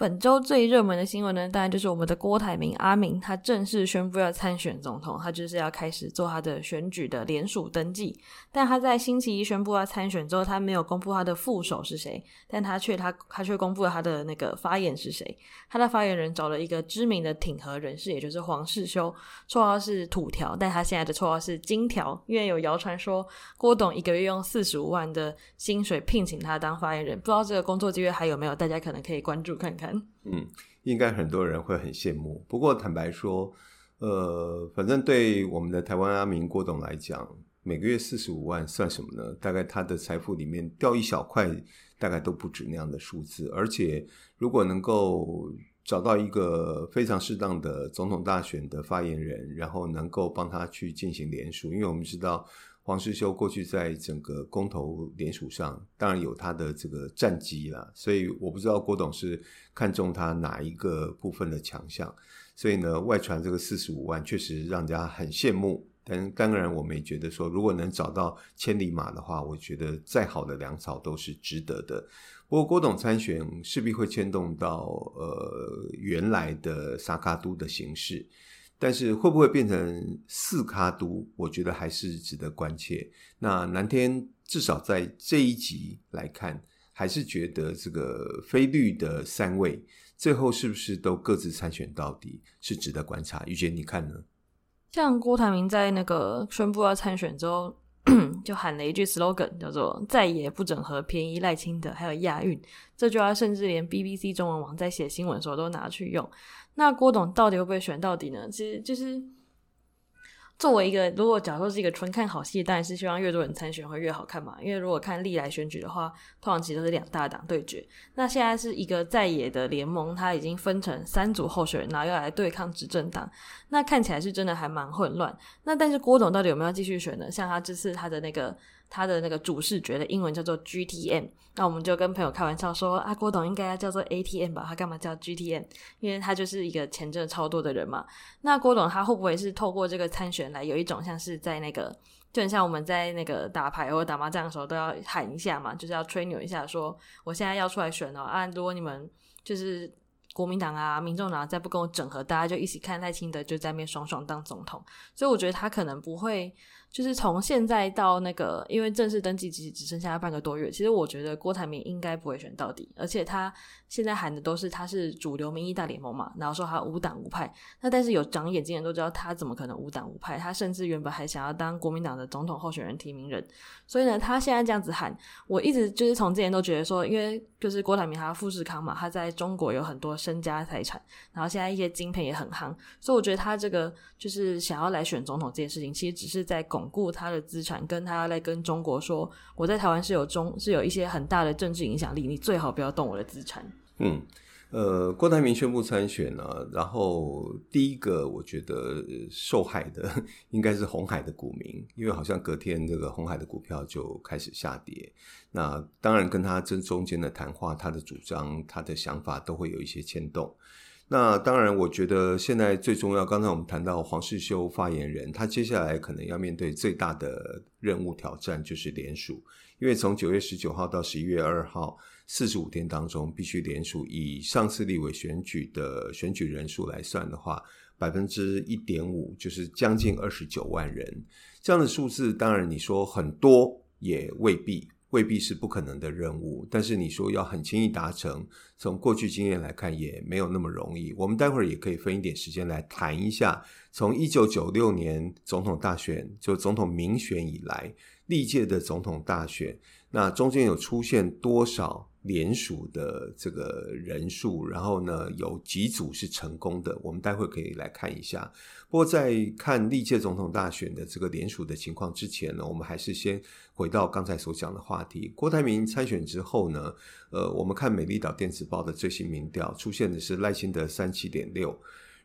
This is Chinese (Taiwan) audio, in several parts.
本週最熱門的新聞呢，當然就是我們的郭台銘阿銘，他正式宣布要參選總統，他就是要開始做他的選舉的連署登記。但他在星期一宣布要參選之後，他沒有公布他的副手是誰，但他卻他他卻公布了他的那個發言是誰。他的發言人找了一個知名的挺韓人士，也就是黃世修，綽號是土條，但他現在的綽號是金條，因為有謠傳說郭董一個月用四十五萬的薪水聘請他當發言人，不知道這個工作機會還有沒有，大家可能可以關注看看。嗯，應該很多人會很羨慕。不過坦白說，呃，反正對我們的台灣阿銘郭董來講，每個月四十五萬算什麼呢？大概他的財富裡面掉一小塊，大概都不止那樣的數字。而且如果能夠找到一個非常適當的總統大選的發言人，然後能夠幫他去進行連署，因為我們知道。黃世修過去在整個公投聯署上，當然有他的這個戰績啦，所以我不知道郭董是看中他哪一個部分的強項。所以呢，外傳這個四十五萬確實讓人家很羨慕，但當然我們也覺得說，如果能找到千里馬的話，我覺得再好的糧草都是值得的。不過郭董參選勢必會牽動到呃原來的三腳督的形式。但是會不會變成四腳督？我覺得還是值得關切。那藍天至少在這一集來看，還是覺得這個非綠的三位最後是不是都各自參選到底，是值得觀察。玉姐你看呢？像郭台銘在那個宣布要參選之後。 就喊了一句 slogan，叫做“在野不整合便宜賴清德還有亞運”，這句話甚至連 BBC 中文網在寫新聞的時候都拿去用。那郭董到底會不會選到底呢？其實就是。作為一個，如果假如說是一個純看好戲，當然是希望越多人參選會越好看嘛。因為如果看歷來選舉的話，通常其實都是兩大黨對決。那現在是一個在野的聯盟，他已經分成三組候選人，然後要來對抗執政黨，那看起來是真的還蠻混亂。那但是郭總到底有沒有繼續選呢？像他這次他的那個。他的那個主視覺的英文叫做 GTM，那我們就跟朋友開玩笑說啊，郭董應該要叫做 ATM 吧？他幹嘛叫 GTM？因為他就是一個錢掙超多的人嘛。那郭董他會不會是透過這個參選來有一種像是在那個，就像我們在那個打牌或者打麻將的時候都要喊一下嘛，就是要吹牛一下說，說我現在要出來選哦。啊，如果你們就是國民黨啊、民眾黨、啊、再不跟我整合，大家就一起看賴清德就在那邊爽爽當總統。所以我覺得他可能不會。就是從現在到那個，因為正式登記其實只剩下半個多月。其實我覺得郭台銘應該不會選到底，而且他現在喊的都是他是主流民意大聯盟嘛，然後說他無黨無派。那但是有長眼睛的人都知道他怎麼可能無黨無派？他甚至原本還想要當國民黨的總統候選人提名人，所以呢，他現在這樣子喊，我一直就是從之前都覺得說，因為。就是郭台銘他富士康嘛，他在中國有很多身家財產，然後現在一些晶片也很夯，所以我覺得他這個就是想要來選總統這件事情，其實只是在鞏固他的資產，跟他要來跟中國說，我在台灣是有中是有一些很大的政治影響力，你最好不要動我的資產。嗯。呃，郭台銘宣布參選啊，然後第一個我覺得受害的應該是鴻海的股民，因為好像隔天這個鴻海的股票就開始下跌。那當然跟他這中間的談話、他的主張、他的想法都會有一些牽動。那當然，我覺得現在最重要，剛才我們談到黃世修發言人，他接下來可能要面對最大的任務挑戰就是連署，因為從九月十九號到十一月二號四十五天當中，必須連署。以上次立委選舉的選舉人數來算的話，百分之一點五，就是將近二十九萬人這樣的數字。當然，你說很多也未必。未必是不可能的任務，但是你說要很輕易達成，從過去經驗來看也沒有那麼容易。我們待會兒也可以分一點時間來談一下，從一九九六年總統大選，就總統民選以來，歷屆的總統大選，那中間有出現多少聯署的這個人數，然後呢，有幾組是成功的，我們待會可以來看一下。不過在看歷屆總統大選的這個聯署的情況之前呢，我們還是先回到剛才所講的話題。郭台銘參選之後呢，呃，我們看美麗島電子報的最新民調，出現的是賴清德三七點六，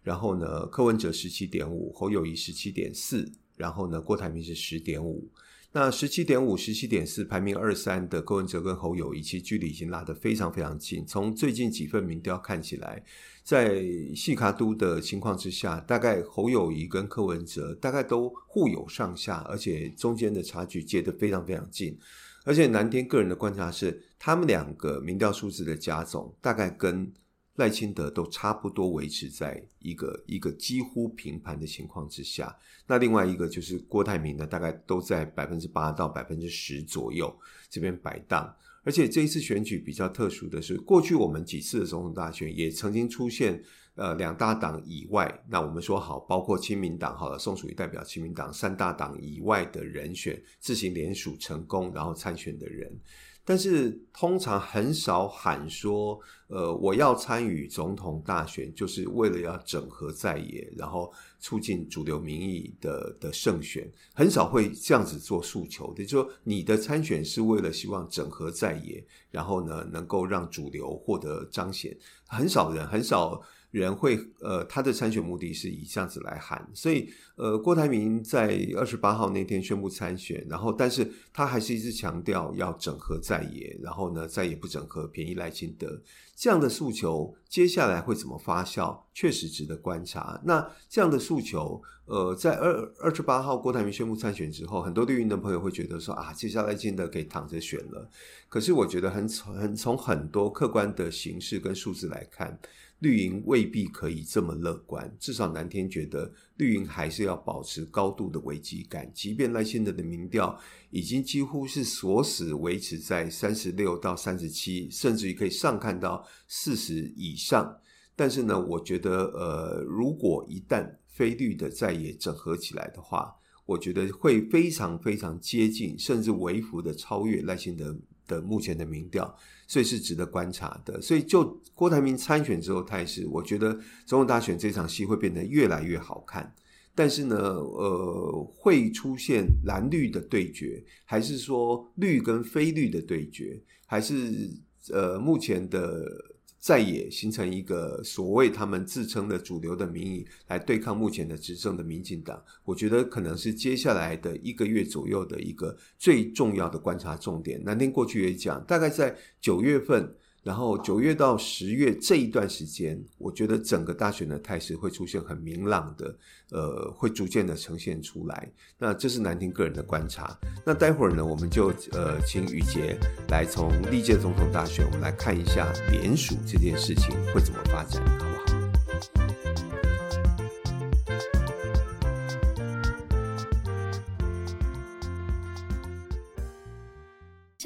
然後呢，柯文哲十七點五，侯友宜十七點四，然後呢，郭台銘是十點五。那十七點五、十七點四，排名二三的柯文哲跟侯友宜，其實距離已經拉得非常非常近。從最近幾份民調看起來，在四腳督的情況之下，大概侯友宜跟柯文哲大概都互有上下，而且中間的差距接得非常非常近。而且南天個人的觀察是，他們兩個民調數字的加總大概跟賴清德都差不多維持在一個一個幾乎平盤的情況之下，那另外一個就是郭台銘呢，大概都在百分之八到百分之十左右這邊擺盪。而且這一次選舉比較特殊的是，過去我們幾次的總統大選也曾經出現，呃，兩大黨以外，那我們說好，包括親民黨好了，宋楚瑜代表親民黨，三大黨以外的人選自行連署成功然後參選的人。但是通常很少喊說，呃，我要參與總統大選，就是為了要整合在野，然後促進主流民意的的勝選，很少會這樣子做訴求。也就是說，你的參選是為了希望整合在野，然後呢，能夠讓主流獲得彰顯，很少人很少，人會呃，他的參選目的是以這樣子來喊，所以呃，郭台銘在二十八號那天宣布參選，然後，但是他還是一直強調要整合在野，然後呢，在野不整合便宜賴清德這樣的訴求，接下來會怎麼發酵，確實值得觀察。那這樣的訴求，呃，在二二十八號郭台銘宣布參選之後，很多綠營的朋友會覺得說啊，接下來清德可以躺着選了。可是我覺得很很從很多客觀的形式跟數字來看。綠營未必可以這麼樂觀，至少藍天覺得綠營還是要保持高度的危機感。即便賴清德的民調已經幾乎是鎖死，維持在三十六到三十七，甚至於可以上看到四十以上。但是呢，我覺得呃，如果一旦非綠的在野整合起來的話，我覺得會非常非常接近，甚至微幅的超越賴清德的目前的民調。所以是值得觀察的。所以就郭台銘參選之後態勢，我覺得總統大選這場戲會變得越來越好看。但是呢，呃，會出現藍綠的對決，還是說綠跟非綠的對決，還是，呃，目前的。再也形成一個所謂他們自稱的主流的民意，來對抗目前的執政的民進黨，我覺得可能是接下來的一個月左右的一個最重要的觀察重點。南聽過去也講，大概在九月份。然後九月到十月這一段時間，我覺得整個大選的態勢會出現很明朗的，呃，會逐漸的呈現出來。那這是南天個人的觀察。那待會兒呢，我們就呃請於杰來從歷屆總統大選，我們來看一下聯署這件事情會怎麼發展。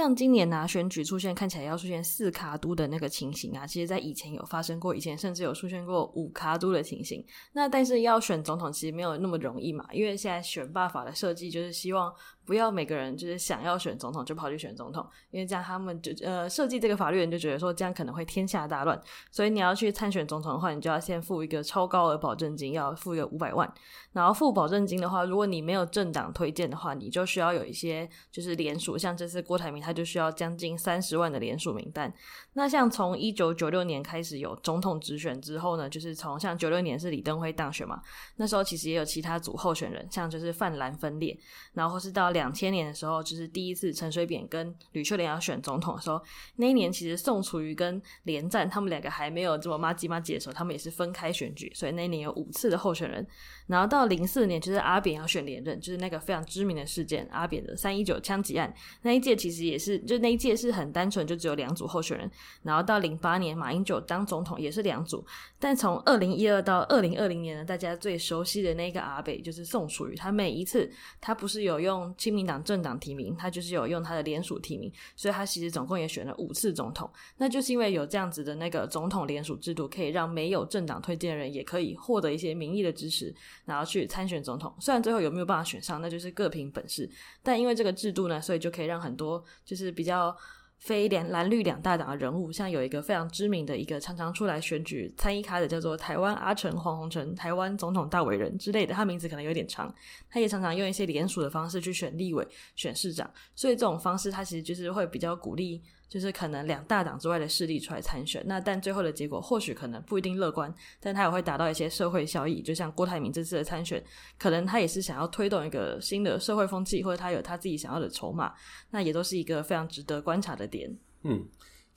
像今年拿、啊、選舉出現看起來要出現四腳督的那個情形啊，其實在以前有發生過，以前甚至有出現過五腳督的情形。那但是要選總統其實沒有那麼容易嘛，因為現在選罷法的設計就是希望。不要每個人就是想要選總統就跑去選總統，因為這樣他們就呃設計這個法律人就覺得說這樣可能會天下大亂，所以你要去參選總統的話，你就要先付一個超高額保證金，要付一個五百萬。然後付保證金的話，如果你沒有政黨推薦的話，你就需要有一些就是連署，像這次郭台銘他就需要將近三十萬的連署名單。那像從一九九六年開始有總統直選之後呢，就是從像九六年是李登輝當選嘛，那時候其實也有其他組候選人，像就是泛藍分裂，然後或是到兩千年的時候，就是第一次陳水扁跟呂秀蓮要選總統的時候，那一年其實宋楚瑜跟連戰他們兩個還沒有這麼麻吉麻吉的時候，他們也是分開選舉，所以那一年有五次的候選人。然後到零四年，就是阿扁要選連任，就是那個非常知名的事件，阿扁的三一九槍擊案，那一屆，其實也是，就那一屆是很單純，就只有兩組候選人。然後到零八年，馬英九當總統也是兩組，但從二零一二到二零二零年呢，大家最熟悉的那個阿北就是宋楚瑜，他每一次，他不是有用。國民黨政黨提名，他就是有用他的聯署提名，所以他其實總共也選了五次總統，那就是因為有這樣子的那個總統聯署制度，可以讓沒有政黨推薦的人也可以獲得一些民意的支持，然後去參選總統。雖然最後有沒有辦法選上，那就是各憑本事，但因為這個制度呢，所以就可以讓很多就是比較。非藍藍綠兩大黨的人物，像有一個非常知名的一個常常出來選舉參一咖的，叫做台灣阿成黃宏成，台灣總統大偉人之類的，他名字可能有點長，他也常常用一些連署的方式去選立委、選市長，所以這種方式他其實就是會比較鼓勵。就是可能兩大黨之外的勢力出來參選，那但最後的結果或許可能不一定樂觀，但他也會達到一些社會效益。就像郭台銘這次的參選，可能他也是想要推動一個新的社會風氣，或者他有他自己想要的籌碼，那也都是一個非常值得觀察的點。嗯。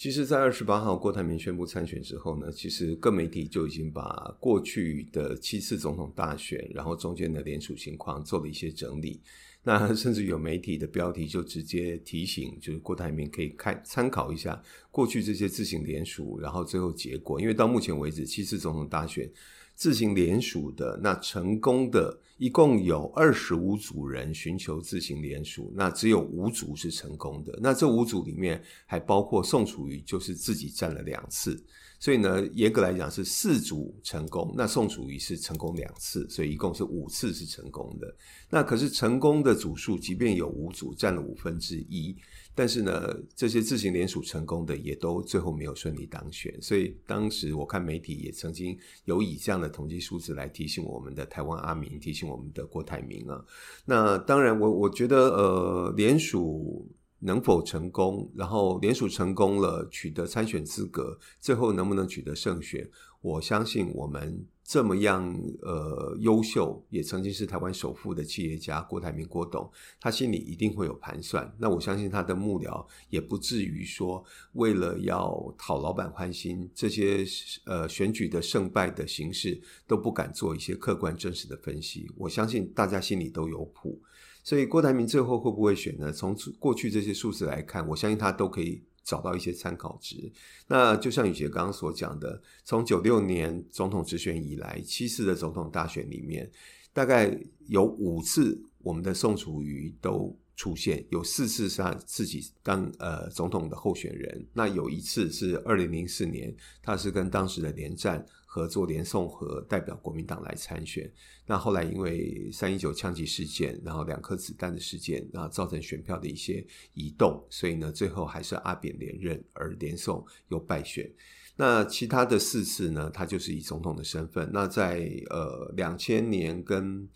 其實，在二十八號郭台銘宣布參選之後呢，其實各媒體就已經把過去的七次總統大選，然後中間的聯署情況做了一些整理。那甚至有媒體的標題就直接提醒，就是郭台銘可以看參考一下過去這些自行聯署，然後最後結果，因為到目前為止七次總統大選。自行聯署的那成功的，一共有二十五組人尋求自行聯署，那只有五組是成功的。那這五組裡面還包括宋楚瑜，就是自己占了兩次。所以呢，嚴格來講是四組成功，那宋楚瑜是成功兩次，所以一共是五次是成功的。那可是成功的組數，即便有五組占了五分之一。但是呢，這些自行聯署成功的，也都最後沒有順利當選。所以當時我看媒體也曾經有以這樣的統計數字來提醒我們的台灣阿銘，提醒我們的郭台銘啊。那當然我，我我覺得呃，聯署。能否成功？然後聯署成功了，取得參選資格，最後能不能取得勝選？我相信我們這麼樣呃優秀，也曾經是台灣首富的企業家郭台銘郭董，他心裡一定會有盤算。那我相信他的幕僚也不至於說為了要討老板歡心，這些呃選舉的勝敗的形式都不敢做一些客觀真實的分析。我相信大家心裡都有譜。所以郭台銘最後會不會選呢？從過去這些數字來看，我相信他都可以找到一些參考值。那就像雨傑剛剛所講的，從九六年總統直選以來，七次的總統大選裡面，大概有五次我們的宋楚瑜都出現，有四次是他自己當呃總統的候選人，那有一次是二零零四年，他是跟當時的連戰。合作連宋和代表國民黨來參選，那後來因為三一九槍擊事件，然後兩顆子彈的事件，然後造成選票的一些移動，所以呢，最後還是阿扁連任，而連宋又敗選。那其他的四次呢，他就是以總統的身份，那在呃兩千年跟。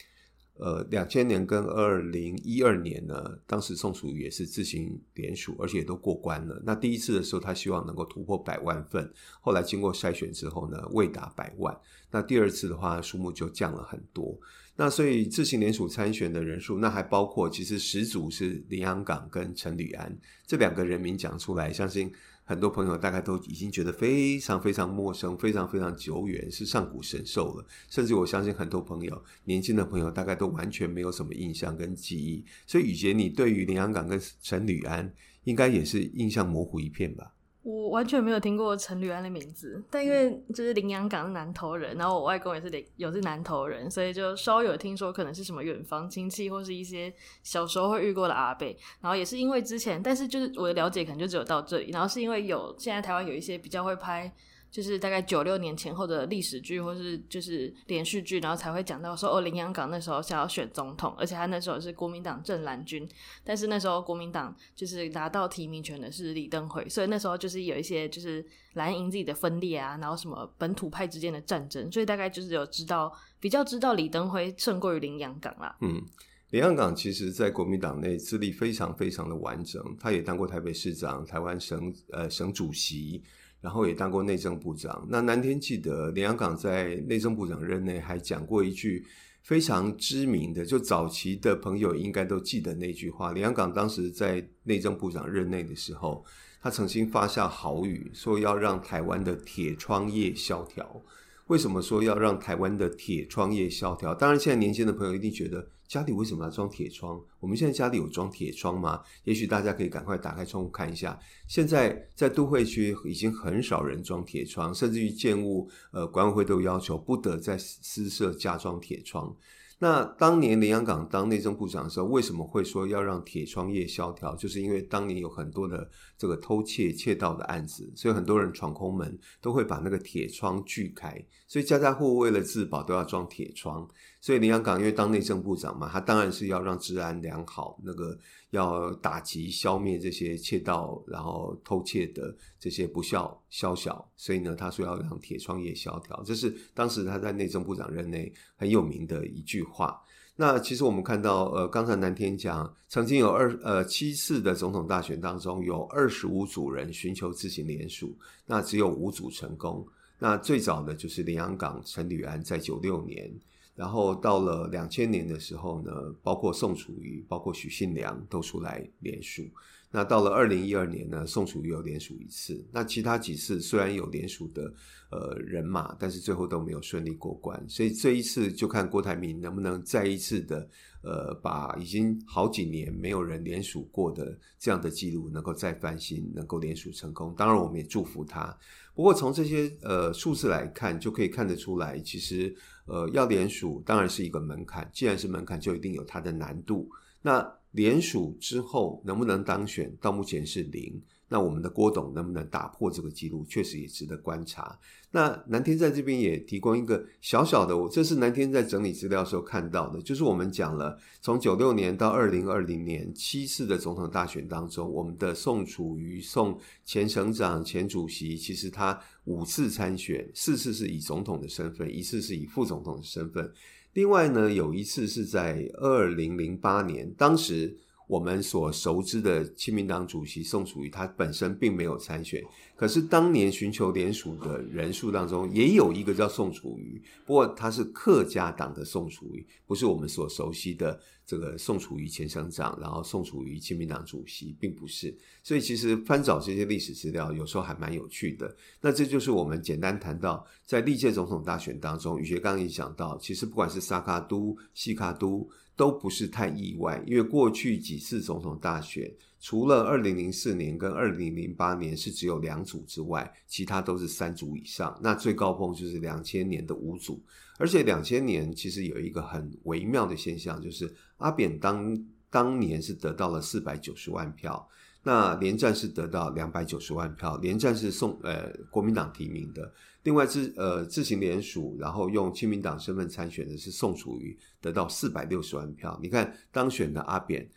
呃，兩千年跟二零一二年呢，當時宋楚瑜也是自行聯署，而且也都過關了。那第一次的時候，他希望能夠突破百萬份，後來經過篩選之後呢，未達百萬。那第二次的話，數目就降了很多。那所以自行聯署參選的人數，那還包括其實始祖是林洋港跟陳履安，這兩個人名講出來，相信。很多朋友大概都已經覺得非常非常陌生，非常非常久遠，是上古神獸了。甚至我相信，很多朋友，年輕的朋友，大概都完全沒有什麼印象跟記憶。所以，雨杰，你對於林洋港跟陳履安，應該也是印象模糊一片吧？我完全沒有聽過陳履安的名字，但因為就是林洋港是南投人，然後我外公也是林，也是南投人，所以就稍微有聽說可能是什麼遠房親戚或是一些小時候會遇過的阿伯，然後也是因為之前，但是就是我的了解可能就只有到這裡，然後是因為有現在台灣有一些比較會拍。就是大概九六年前後的歷史劇，或是就是連續劇，然後才會講到說，哦，林洋港那時候想要選總統，而且他那時候是國民黨正藍軍，但是那時候國民黨就是拿到提名權的是李登輝，所以那時候就是有一些就是藍營自己的分裂啊，然後什麼本土派之間的戰爭，所以大概就是有知道比較知道李登輝勝過於林洋港啦、啊。嗯，林洋港其實在國民黨內資歷非常非常的完整，他也當過台北市長、台灣省呃省主席。然後也當過內政部長。那南天記得林洋港在內政部長任內還講過一句非常知名的，就早期的朋友應該都記得那句話。林洋港當時在內政部長任內的時候，他曾經发下豪語，說要讓台灣的鐵窗業蕭條。為什麼說要讓台灣的鐵窗業蕭條？當然，現在年輕的朋友一定覺得。家裡為什麼要裝鐵窗？我們現在家裡有裝鐵窗嗎？也許大家可以趕快打開窗戶看一下。現在在都會區已經很少人裝鐵窗，甚至於建物呃管委會都要求不得再私設加裝鐵窗。那當年林洋港當內政部長的時候，為什麼會說要讓鐵窗業蕭條？就是因為當年有很多的這個偷竊竊盜的案子，所以很多人闖空門都會把那個鐵窗鋸開，所以家家戶戶為了自保都要裝鐵窗。所以林洋港因為當內政部長嘛，他當然是要讓治安良好，那個要打擊消滅這些竊盜，然後偷竊的這些不肖宵小，所以呢，他說要讓鐵窗業蕭條，這是當時他在內政部長任內很有名的一句話。那其實我們看到，呃，剛才南天講，曾經有二呃七次的總統大選當中，有二十五組人尋求自行聯署，那只有五組成功。那最早的就是林洋港陳履安在九六年。然後到了兩千年的時候呢，包括宋楚瑜，包括許信良都出來連署。那到了二零一二年呢，宋楚瑜又連署一次。那其他幾次雖然有連署的呃人馬，但是最後都沒有順利過關。所以這一次就看郭台銘能不能再一次的呃，把已經好幾年沒有人連署過的這樣的記錄能夠再翻新，能夠連署成功。當然我們也祝福他。不過從這些呃數字來看，就可以看得出來，其實。呃，要連署當然是一個門檻，既然是門檻，就一定有它的難度。那連署之後能不能當選，到目前是零。那我們的郭董能不能打破這個紀錄，確實也值得觀察。那南天在這邊也提供一個小小的，我這是南天在整理資料的時候看到的，就是我們講了從九六年到二零二零年七次的總統大選當中，我們的宋楚瑜、宋前省長、前主席，其實他五次參選，四次是以總統的身份，一次是以副總統的身份，另外呢，有一次是在二零零八年，當時。我們所熟知的親民黨主席宋楚瑜，他本身並沒有參選。可是當年尋求連署的人數當中，也有一個叫宋楚瑜，不過他是客家黨的宋楚瑜，不是我們所熟悉的這個宋楚瑜前省長，然後宋楚瑜親民黨主席，並不是。所以其實翻找這些歷史資料，有時候還蠻有趣的。那這就是我們簡單談到在歷屆總統大選當中，宇學剛，剛一講到，其實不管是三腳督、四腳督。都不是太意外，因為過去幾次總統大選，除了二零零四年跟二零零八年是只有兩組之外，其他都是三組以上。那最高峰就是兩千年的五組，而且兩千年其實有一個很微妙的現象，就是阿扁當當年是得到了四百九十萬票。那連戰是得到兩百九十萬票，連戰是宋呃國民黨提名的，另外自呃自行聯署，然後用親民黨身份參選的是宋楚瑜，得到四百六十萬票。你看當選的阿扁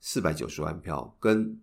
四百九十萬票，跟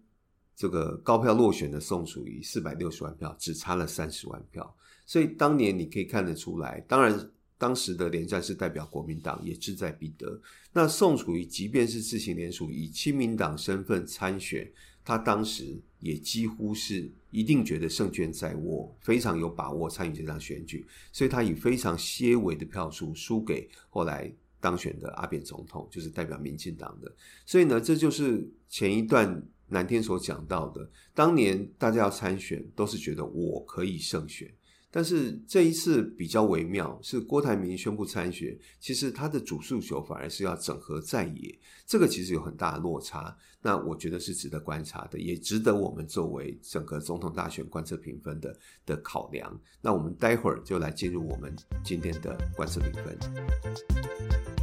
這個高票落選的宋楚瑜四百六十萬票只差了三十萬票，所以當年你可以看得出來，當然當時的連戰是代表國民黨也志在必得。那宋楚瑜即便是自行聯署，以親民黨身份參選。他當時也幾乎是一定覺得勝券在握，非常有把握參與這場選舉，所以他以非常些微的票數輸給後來當選的阿扁總統，就是代表民進黨的。所以呢，這就是前一段南天所講到的，當年大家要參選都是覺得我可以勝選。但是這一次比較微妙，是郭台銘宣布參選，其實他的主訴求反而是要整合在野，這個其實有很大的落差，那我覺得是值得觀察的，也值得我們作為整個總統大選觀測評分的的考量。那我們待會兒就來進入我們今天的觀測評分。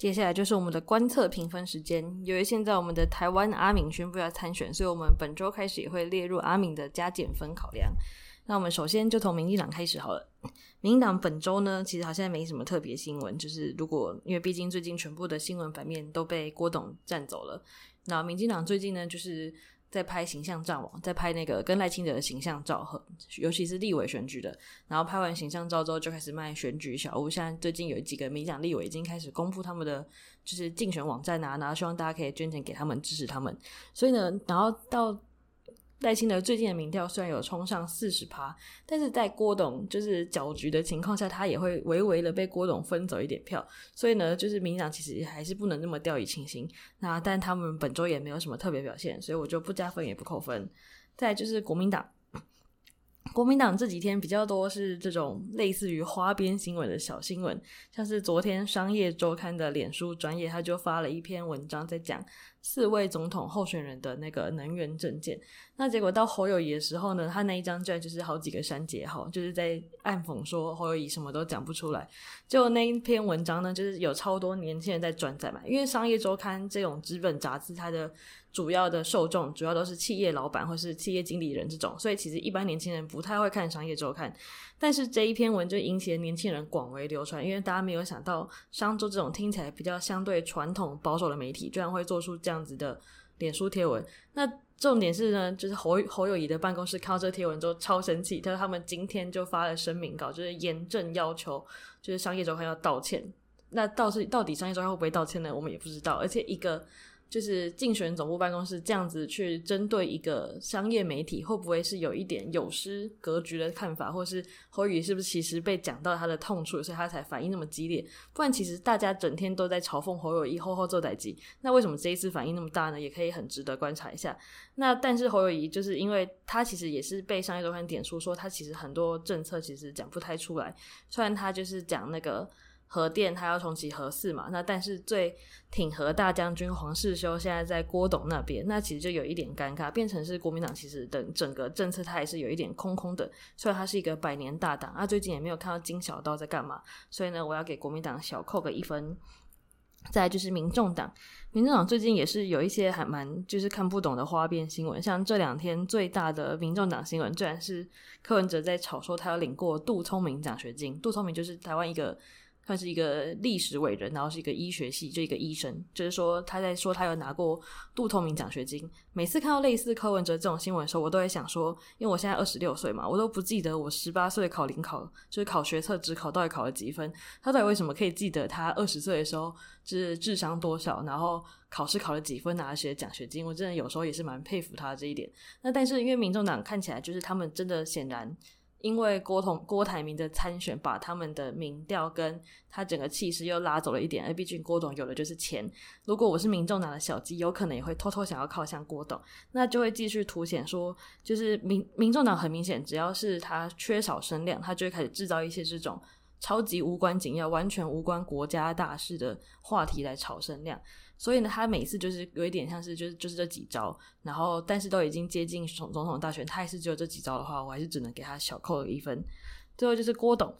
接下來就是我們的觀測評分時間。由於現在我們的台灣阿銘宣布要參選，所以我們本周開始也會列入阿銘的加減分考量。那我們首先就從民進黨開始好了。民進黨本周呢，其實好像沒什麼特別新聞，就是如果因為畢竟最近全部的新聞版面都被郭董占走了，那民進黨最近呢，就是。在拍形象照，網在拍那個跟賴清德的形象照，和尤其是立委選舉的，然後拍完形象照之後就開始賣選舉小屋。現在最近有幾個民進，立委已經開始公布他們的就是競選網站，啊，拿拿希望大家可以捐錢給他們支持他們，嗯。所以呢，然後到。賴清德最近的民調雖然有衝上四十趴，但是在郭董就是攪局的情況下，他也會微微的被郭董分走一點票。所以呢，就是民進黨其實還是不能那麼掉以輕心。那但他們本周也沒有什麼特別表現，所以我就不加分也不扣分。再來就是國民黨。國民黨這幾天比較多是這種類似於花邊新聞的小新聞，像是昨天商業週刊的臉書專頁，他就發了一篇文章在講四位總統候選人的那個能源政見。那結果到侯友宜的時候呢，他那一張卷就是好幾個刪節，齁，就是在暗諷說侯友宜什麼都講不出來。就那一篇文章呢，就是有超多年輕人在轉載嘛，因為商業週刊這種紙本雜誌，它的。主要的受眾主要都是企業老板或是企業經理人這種，所以其實一般年輕人不太會看商業周刊。但是這一篇文就引起了年輕人廣為流傳，因為大家沒有想到商周這種聽起來比較相對傳統保守的媒體，居然會做出這樣子的臉書貼文。那重點是呢，就是侯侯友宜的辦公室看到這貼文之後超生氣，他說他們今天就發了聲明稿，就是嚴正要求，就是商業周刊要道歉。那到是到底商業周刊會不會道歉呢？我們也不知道。而且一個。就是競選總部辦公室這樣子去針對一個商業媒體，會不會是有一點有失格局的看法，或者是侯友宜是不是其實被講到他的痛處，所以他才反應那麼激烈？不然其實大家整天都在嘲諷侯友宜、侯侯做代誌，那為什麼這一次反應那麼大呢？也可以很值得觀察一下。那但是侯友宜就是因為他其實也是被商業週刊點出說他其實很多政策其實講不太出來，雖然他就是講那個。核電他要重啟核四嘛？那但是最挺核大將軍黃世修現在在郭董那邊，那其實就有一點尷尬，變成是國民黨其實等整個政策他也是有一點空空的。所以他是一個百年大黨，啊，最近也沒有看到金小刀在幹嘛，所以呢，我要給國民黨小扣個一分。再來就是民眾黨，民眾黨最近也是有一些還蠻就是看不懂的花邊新聞，像這兩天最大的民眾黨新聞，居然是柯文哲在炒說他要領過杜聰明獎學金，杜聰明就是台灣一個。算是一個歷史偉人，然後是一個醫學系這個醫生，就是說他在說他有拿過杜透明獎學金。每次看到類似柯文哲這種新聞的時候，我都在想說，因為我現在二十六歲嘛，我都不記得我十八歲考零考，就是考學測指考到底考了幾分。他到底為什麼可以記得他二十歲的時候就是智商多少，然後考試考了幾分，啊，拿了些獎學金？我真的有時候也是蠻佩服他的這一點。那但是因為民眾黨看起來就是他們真的顯然。因為郭董郭台銘的參選，把他們的民調跟他整個氣勢又拉走了一點。而畢竟郭董有的就是錢，如果我是民眾黨的小雞，有可能也會偷偷想要靠向郭董，那就會繼續凸顯說，就是民民眾黨很明顯，只要是他缺少聲量，他就會開始制造一些這種超級無關緊要、完全無關國家大事的話題來炒聲量。所以呢，他每次就是有一點像是，就是就是這幾招，然後但是都已經接近總統大選，他還是只有這幾招的話，我還是只能給他小扣了一分。最後就是郭董，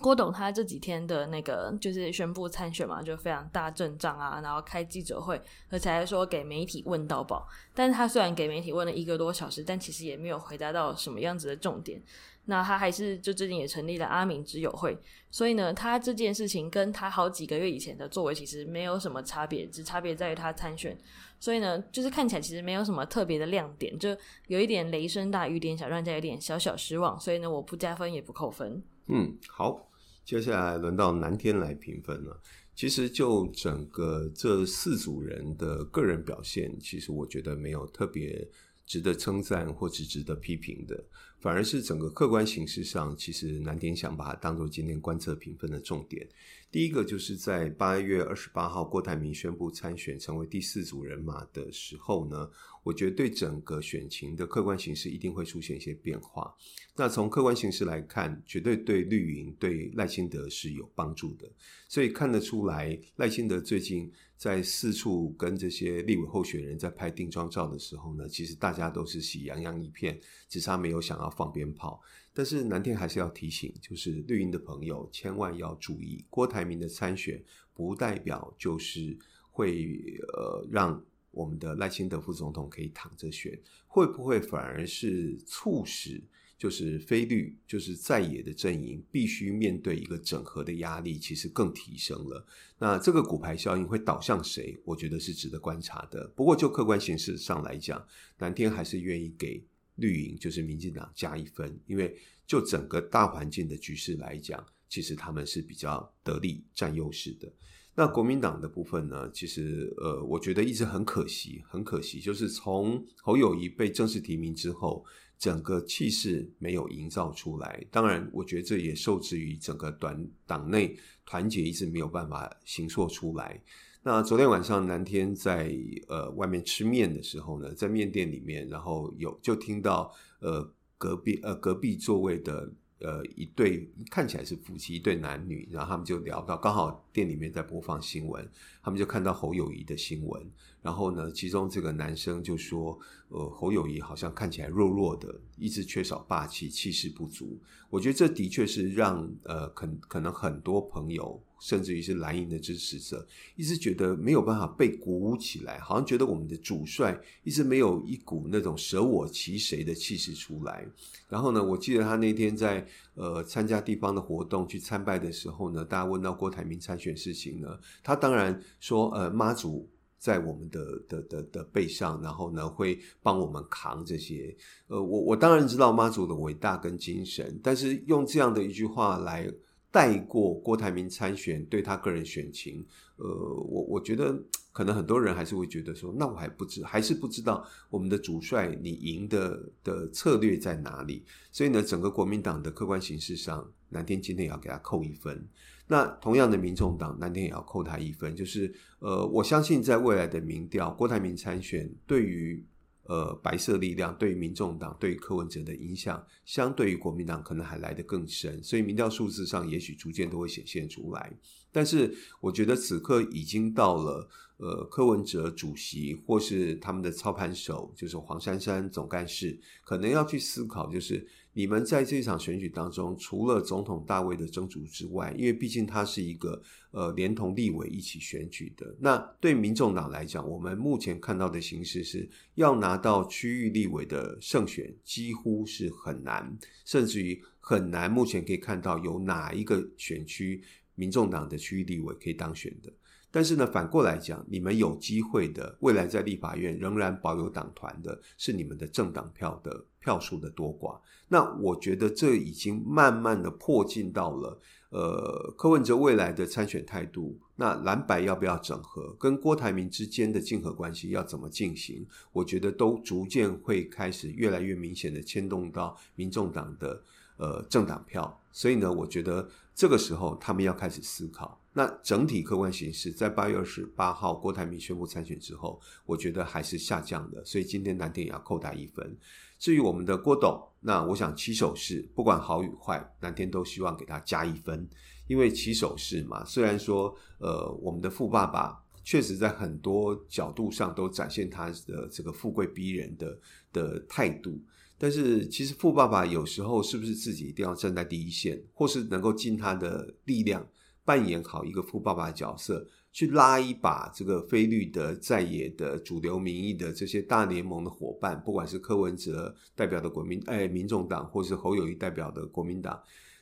郭董他這幾天的那個就是宣布參選嘛，就非常大陣仗啊，然後開記者會，而且還說，給媒體問到飽，但是他雖然給媒體問了一個多小時，但其實也沒有回答到什麼樣子的重點。那他還是就最近也成立了阿銘之友會，所以呢，他這件事情跟他好幾個月以前的作為其實沒有什麼差別，只差別在於他參選，所以呢，就是看起來其實沒有什麼特別的亮點，就有一點雷聲大雨點小，讓人家有點小小失望，所以呢，我不加分也不扣分。嗯，好，接下來輪到南天來評分了。其實就整個這四組人的個人表現，其實我覺得沒有特別值得稱讚或是值得批評的。反而是整個客觀形勢上，其實難點，想把它當做今天觀測評分的重點。第一個就是在八月二十八號，郭台銘宣布參選，成為第四組人馬的時候呢，我覺得對整個選情的客觀形勢一定會出現一些變化。那從客觀形勢來看，絕對對綠營、對賴清德是有幫助的。所以看得出來，賴清德最近在四處跟這些立委候選人，在拍定妝照的時候呢，其實大家都是喜洋洋一片，只差沒有想要放鞭炮。但是南天還是要提醒，就是綠營的朋友千萬要注意，郭台銘的參選不代表就是會呃讓我們的賴清德副總統可以躺着選，會不會反而是促使就是非綠就是在野的陣營必須面對一個整合的壓力，其實更提升了。那這個骨牌效應會導向誰？我覺得是值得觀察的。不過就客觀形勢上來講，南天還是願意給。綠營就是民進黨加一分，因為就整個大環境的局勢來講，其實他們是比較得力、佔優勢的。那國民黨的部分呢，其實呃，我覺得一直很可惜，很可惜，就是從侯友宜被正式提名之後，整個氣勢沒有營造出來。當然，我覺得這也受制於整個短黨內團結一直沒有辦法形塑出來。那昨天晚上南天在呃外面吃麵的時候呢，在麵店裡面，然後有就聽到呃隔壁呃隔壁座位的呃一對看起來是夫妻，一對男女，然後他們就聊到，剛好店裡面在播放新聞，他們就看到侯友宜的新聞。然後呢，其中這個男生就說：“呃，侯友宜好像看起來弱弱的，一直缺少霸氣，氣勢不足。我覺得這的確是讓呃，可可能很多朋友，甚至於是藍營的支持者，一直覺得沒有辦法被鼓舞起來，好像覺得我們的主帥一直沒有一股那種捨我其誰的氣勢出來。然後呢，我記得他那天在呃參加地方的活動去參拜的時候呢，大家問到郭台銘參選事情呢，他當然說：‘呃，媽祖’。”在我們的的的的背上，然後呢，會幫我們扛這些。呃，我我當然知道媽祖的偉大跟精神，但是用這樣的一句話來帶過郭台銘參選，對他個人選情，呃，我我覺得可能很多人還是會覺得說，那我還不知，還是不知道我們的主帥你贏的的策略在哪裡。所以呢，整個國民黨的客觀形勢上，藍天今天也要給他扣一分。那同樣的，民眾黨藍天也要扣他一分。就是呃，我相信在未來的民調，郭台銘參選對於呃白色力量、對於民眾黨、對於柯文哲的影響，相對於國民黨可能還來得更深。所以民調數字上，也許逐漸都會顯現出來。但是我覺得此刻已經到了，呃，柯文哲主席或是他們的操盤手，就是黃珊珊總幹事，可能要去思考就是。你們在這場選舉當中，除了總統大位的爭逐之外，因為畢竟他是一個呃連同立委一起選舉的。那對民眾黨來講，我們目前看到的形勢是要拿到區域立委的勝選，幾乎是很難，甚至於很難。目前可以看到有哪一個選區民眾黨的區域立委可以當選的？但是呢，反過來講，你們有機會的未來在立法院仍然保有黨團的，是你們的政黨票的票數的多寡。那我覺得這已經慢慢的迫近到了，呃，柯文哲未來的參選態度，那藍白要不要整合，跟郭台銘之間的競合關係要怎麼進行？我覺得都逐漸會開始越來越明顯的牽動到民眾黨的呃政黨票，所以呢，我覺得。這個時候，他們要開始思考。那整體客觀形勢，在八月二十八號郭台銘宣佈參選之後，我覺得還是下降的，所以今天藍天也要扣他一分。至於我們的郭董，那我想起手式，不管好與壞，藍天都希望給他加一分，因為起手式嘛。雖然說，呃，我們的富爸爸確實在很多角度上都展現他的這個富貴逼人的的態度。但是，其實富爸爸有時候是不是自己一定要站在第一線，或是能夠盡他的力量，扮演好一個富爸爸的角色，去拉一把這個非綠的在野的主流民意的這些大聯盟的夥伴，不管是柯文哲代表的國民哎民眾黨，或是侯友宜代表的國民黨，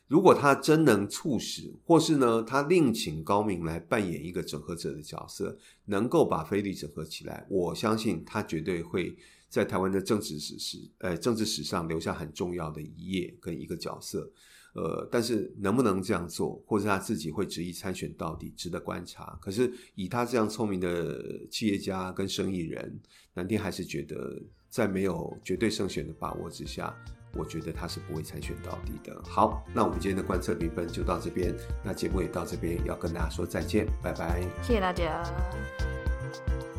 如果他真能促使，或是呢他另請高明來扮演一個整合者的角色，能夠把非綠整合起來，我相信他絕對會。在台灣的政治史實，呃，政治史上留下很重要的一頁跟一個角色，呃，但是能不能這樣做，或者他自己會執意參選到底，值得觀察。可是以他這樣聰明的企業家跟生意人，南天還是覺得在沒有絕對勝選的把握之下，我覺得他是不會參選到底的。好，那我們今天的觀測評分就到這邊，那節目也到這邊，要跟大家說再見，拜拜，謝謝大家。